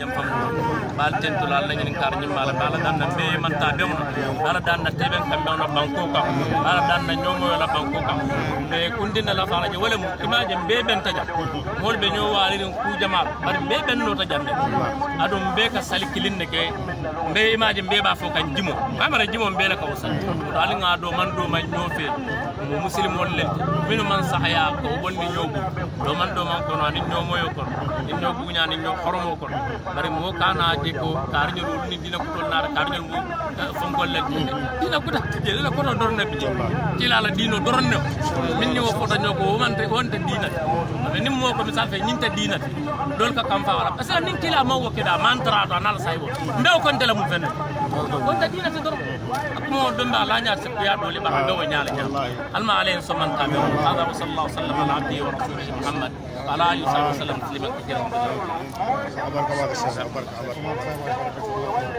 jam fam bal tentu la la ngin kar nyim bala bala dan na be man ta be on bala dan na teben kam be banko kam bala dan na nyomo la banko kam be kundi na la fala je wala mu kima je be ben ta jam mol be nyowa ali ku jamal bar be ben no ta jam adum be ka salikilin ne ke mbe imaji mbe ba fo kan jimo bamara jimo mbe la kawsa to ali nga do man do man do fe mo muslim wol le minu man sahaya ko bonni nyobu do man do man ko no ani nyomo yo kon ni no bunya ni no horomo kon bari mo kana je ko karjo do ni dina ko to nar karjo mo eh, fon gol le dina ko ta tije la ko do dorna bi ti la la dino dorna min fotoño ko wonta wonta diinati aɓe nimmo ko misal fe ñinta diinati ɗon ka kam fawara par ce que nin kila mawwo keɗa mantrato anala saywo ndew kontela mum fene wonta diinati doro akkumo ɗon mba lañat sikkuya ɗo liɓa ha ndewo ñaala ñaal alma alahen sommantame on hada wa sallallahu sallam ala abdihi wa rasulihi mouhammad wa ala alihi wa sahbihi wa sallam tasliman kasiran